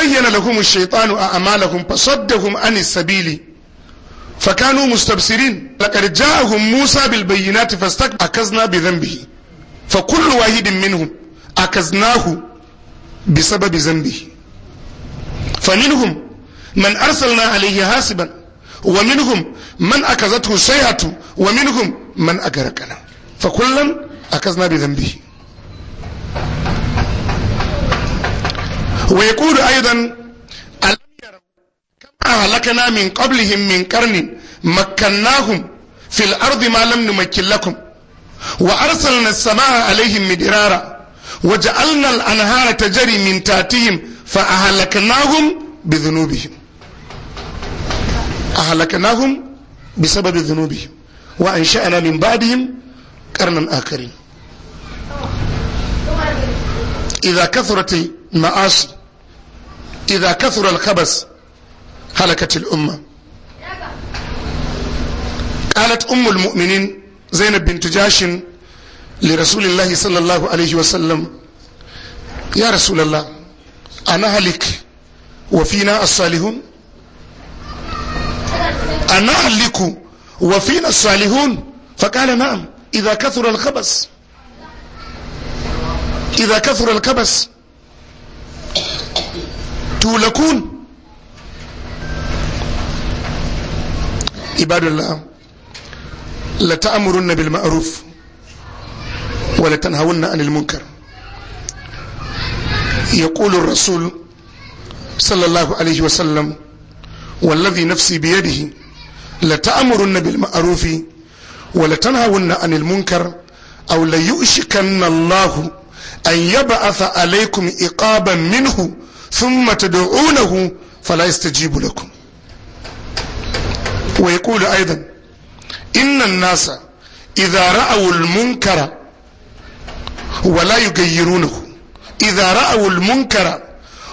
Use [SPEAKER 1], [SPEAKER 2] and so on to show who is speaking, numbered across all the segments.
[SPEAKER 1] zayyana lahum shaytanu a amalahum fasaddahum an sabili fakanu mustabsirin laqad ja'ahum musa bil bayyinati fastakbarna bi dhanbihi fa kullu wahidin minhum akaznahu bi sababi dhanbihi fa minhum man arsalna alayhi hasiban wa minhum man akazathu shayatu wa minhum man agarakana fa kullan akazna bi dhanbihi ويقول أيضا ألم يروا كما أهلكنا من قبلهم من قرن مكناهم في الأرض ما لم نمكن لكم وأرسلنا السماء عليهم مدرارا وجعلنا الأنهار تجري من تحتهم فأهلكناهم بذنوبهم أهلكناهم بسبب ذنوبهم وأنشأنا من بعدهم قرنا آخرين إذا كثرت المعاصي إذا كثر الخبث هلكت الأمة قالت أم المؤمنين زينب بنت جاش لرسول الله صلى الله عليه وسلم يا رسول الله أنا هلك وفينا الصالحون أنا هلك وفينا الصالحون فقال نعم إذا كثر الخبث إذا كثر الخبث تولكون عباد الله لتأمرن بالمعروف ولتنهون عن المنكر يقول الرسول صلى الله عليه وسلم والذي نفسي بيده لتأمرن بالمعروف ولتنهون عن المنكر أو ليؤشكن الله أن يبعث عليكم إقابا منه ثم تدعونه فلا يستجيب لكم ويقول أيضا إن الناس إذا رأوا المنكر ولا يغيرونه إذا رأوا المنكر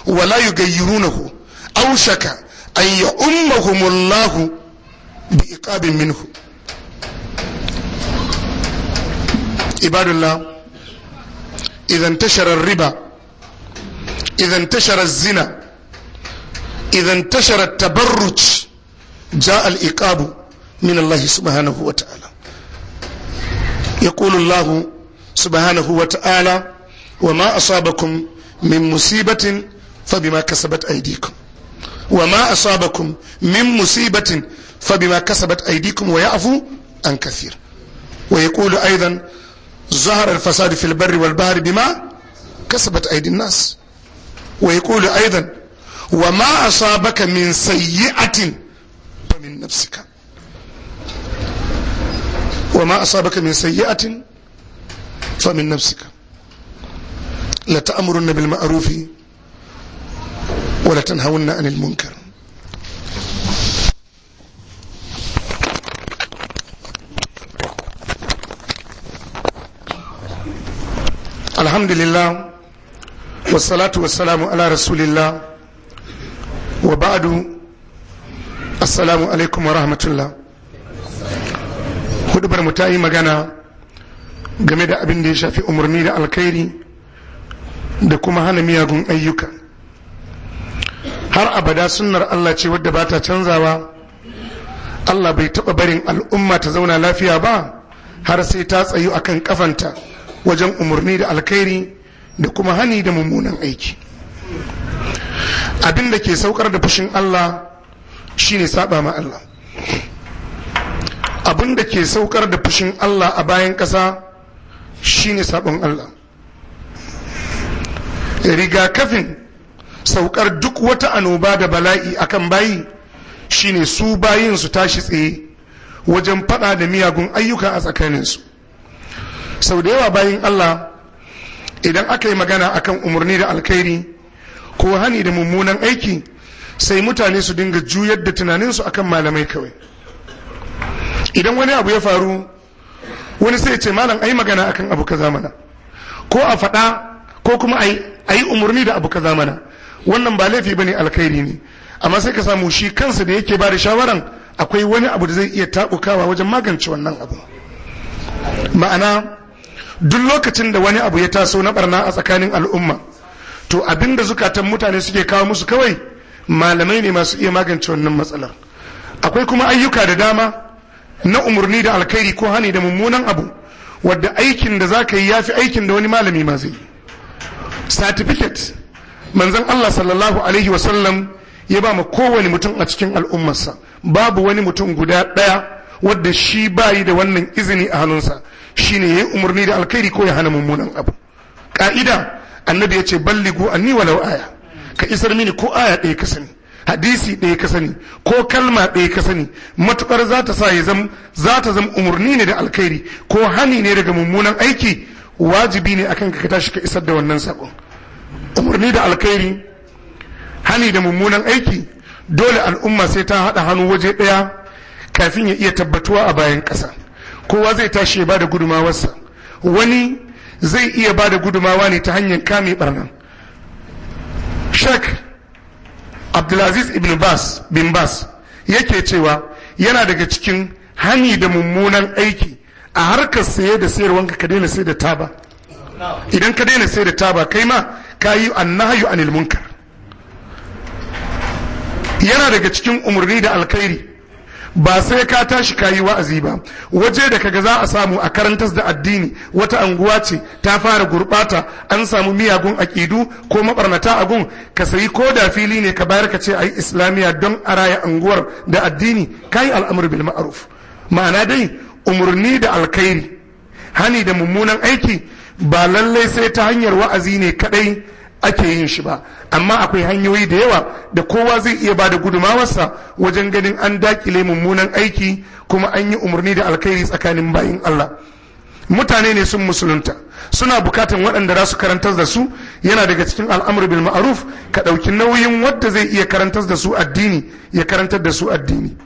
[SPEAKER 1] ولا يغيرونه أوشك أن يؤمهم الله بإقاب منه عباد الله إذا انتشر الربا إذا انتشر الزنا إذا انتشر التبرج جاء الإقاب من الله سبحانه وتعالى يقول الله سبحانه وتعالى وما أصابكم من مصيبة فبما كسبت أيديكم وما أصابكم من مصيبة فبما كسبت أيديكم ويعفو عن كثير ويقول أيضا ظهر الفساد في البر والبحر بما كسبت أيدي الناس ويقول أيضا وما أصابك من سيئة فمن نفسك وما أصابك من سيئة فمن نفسك لتأمرن بالمعروف ولتنهون عن المنكر الحمد لله wasalatu wasalamu ala rasulillah wa ba'adu assalamu alaikum wa rahmatullah hudubar mu ta yi magana game da abin da ya shafi umarni da alkhairi da kuma hana miyagun ayyuka har abada sunnar Allah ce wadda ba ta canzawa Allah bai taɓa barin al'umma ta zauna lafiya ba har sai ta tsayu akan kafanta wajen umarni da alkhairi da kuma hani da mummunan aiki abin da ke saukar da fushin Allah shine saba ma Allah abin da ke saukar da fushin Allah a bayan ƙasa shine sabon Allah rigakafin saukar duk wata ano'ba da bala'i akan bayi shine su bayin su tashi tsaye wajen fada da miyagun ayyuka a tsakaninsu sau da yawa bayin Allah idan aka yi magana akan umarni da alkhairi ko hani da mummunan aiki sai mutane su dinga juyar da tunaninsu akan malamai kawai idan wani abu ya faru wani sai ce malam ai magana akan abu ka zamana ko a faɗa ko kuma a yi umarni da abu ka zamana wannan ba laifi bane alkhairi ne amma sai ka samu shi kansa da yake ba da shawaran akwai wani abu da zai iya taɓukawa wajen magance wannan abu ma'ana duk lokacin da wani abu ya taso na barna a tsakanin al'umma to abinda zukatan mutane suke kawo musu kawai malamai ne masu iya magance wannan matsalar akwai kuma ayyuka da dama na umarni da alkhairi ko hani da mummunan abu wadda aikin da za ka yi ya fi aikin da wani malami ma zai certificate manzon allah sallallahu alaihi wasallam ya ba ma kowane mutum a cikin al'ummarsa babu wani mutum guda ɗaya wadda shi ba yi da wannan izini a hannunsa shi ne ya yi umarni da alkhairi ko ya hana mummunan abu ka'ida annabi ya ce balligu anni walau aya ka isar mini ko aya ɗaya ka sani hadisi ɗaya ka sani ko kalma ɗaya ka sani matukar za ta sa ya zam za ta zam umarni ne da alkhairi ko hani ne daga mummunan aiki wajibi ne akan ka tashi ka isar da wannan saƙon. umarni da alkhairi hani da mummunan aiki dole al'umma sai ta haɗa hannu waje ɗaya kafin ya iya tabbatuwa a bayan ƙasa kowa zai tashi ya bada gudumawarsa wani zai iya bada gudumawa ne ta hanyar kame barnan shek abdulaziz ibn bas bin bas yake cewa yana daga cikin hani da mummunan aiki a harkar saye da sayarwar ka daina sai da taba idan ka daina sai da taba kai ma ka yi annahayu anil munkar yana daga cikin umarni da alkhairi ba sai ka tashi ka yi wa'azi ba waje da kaga za a samu a karantas da addini wata anguwa ce ta fara gurbata an samu miyagun akidu ko mabarnata a gun ka sayi ko da fili ne ka bayar ka ce a yi islamiyya don a raya anguwar da addini ka yi al'amur bil ma'aruf ma'ana dai umarni da alkhairi hani da mummunan aiki ba lallai sai ta hanyar wa'azi ne kadai ake yin shi ba amma akwai hanyoyi da yawa da kowa zai iya ba da gudumawarsa wajen ganin an dakile mummunan aiki kuma an yi umarni da alkhairi tsakanin bayin Allah mutane ne sun musulunta suna bukatan waɗanda za su karantar da su yana daga cikin al'amur bil ma'ruf ka ɗauki nauyin wadda zai iya karantar da su addini ya karantar da su addini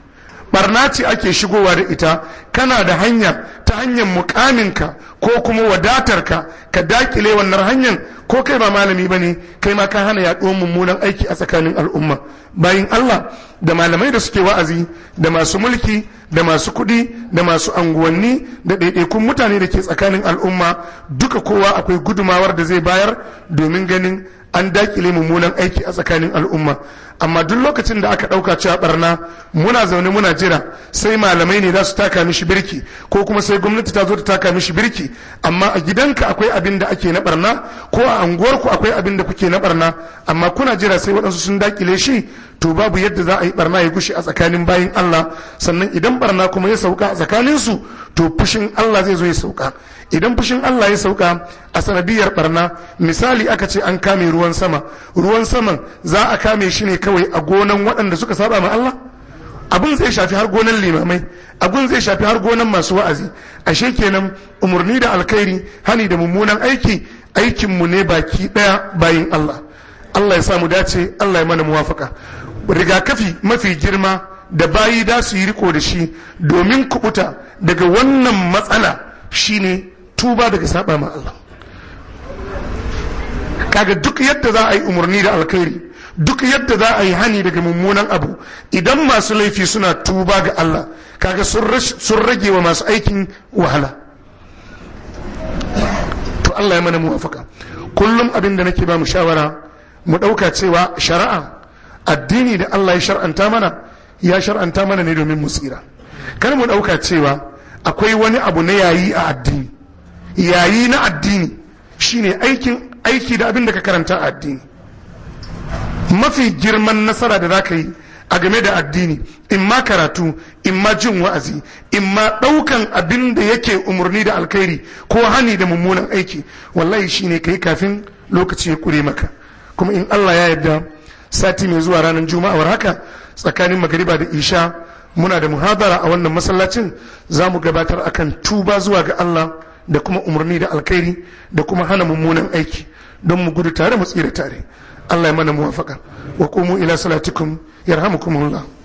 [SPEAKER 1] barna ce ake shigowa da ita kana da hanya ta hanyar mukaminka ko kuma wadatarka ka dakile wannan hanyar ko kai ba malami ba ne kai ma ka hana yaɗuwar mummunan aiki a tsakanin al'umma bayin Allah da malamai da suke wa'azi da masu mulki da masu kuɗi da masu anguwanni da ɗaiɗaikun mutane da ke tsakanin al'umma duka kowa akwai gudumawar da zai bayar domin ganin an dakile mummunan aiki a tsakanin al'umma amma duk lokacin da aka ɗauka cewa barna muna zaune muna jira sai malamai ne za su taka mishi birki ko kuma sai gwamnati ta zo ta taka mishi birki amma a gidanka akwai abin da ake na barna ko a anguwarku akwai abin da kuke na barna amma kuna jira sai waɗansu sun dakile shi to babu yadda za a yi barna ya gushe a tsakanin bayin Allah sannan idan barna kuma ya sauka a tsakanin su to fushin Allah zai zo ya sauka idan fushin Allah ya sauka a sanadiyar barna misali aka ce an kame ruwan sama ruwan saman za a kame shi ne kawai a gonan waɗanda suka saba ma Allah Abun zai shafi har gonan limamai abun zai shafi har gonan masu wa'azi ashe kenan umarni da alkhairi hani da mummunan aiki aikinmu ne baki ɗaya bayin Allah Allah ya samu dace Allah ya mana muwafaka rigakafi mafi girma da bayi da su yi riko da shi domin kubuta daga wannan matsala shine tuba daga saba ma Allah kaga duk yadda za a yi umarni da alkhairi duk yadda za a yi hani daga mummunan abu idan masu laifi suna tuba ga Allah kaga sun rage wa masu aikin wahala to Allah ya mana muwafaka kullum abin da nake ba mu shawara mu ɗauka cewa shari'a addini da Allah ya shar'anta mana ya shar'anta mana ne domin musira kar mu ɗauka cewa akwai wani abu na yayi a addini yayi na addini shine aikin aiki da abin da ka karanta a addini mafi girman nasara da zaka yi a game da addini in ma karatu in ma jin wa'azi in ma ɗaukan abin da yake umarni da alkhairi ko hani da mummunan aiki wallahi shine kai kafin lokaci ya kure maka kuma in Allah ya yarda sati mai zuwa ranar war haka tsakanin magariba da isha muna da muhadara a wannan masallacin za mu gabatar kan tuba zuwa ga allah da kuma umarni da alkhairi da kuma hana mummunan aiki don mu gudu tare mu tsira tare allah ya mana muwafaka wa kumu ila salatikum yarhamukumullah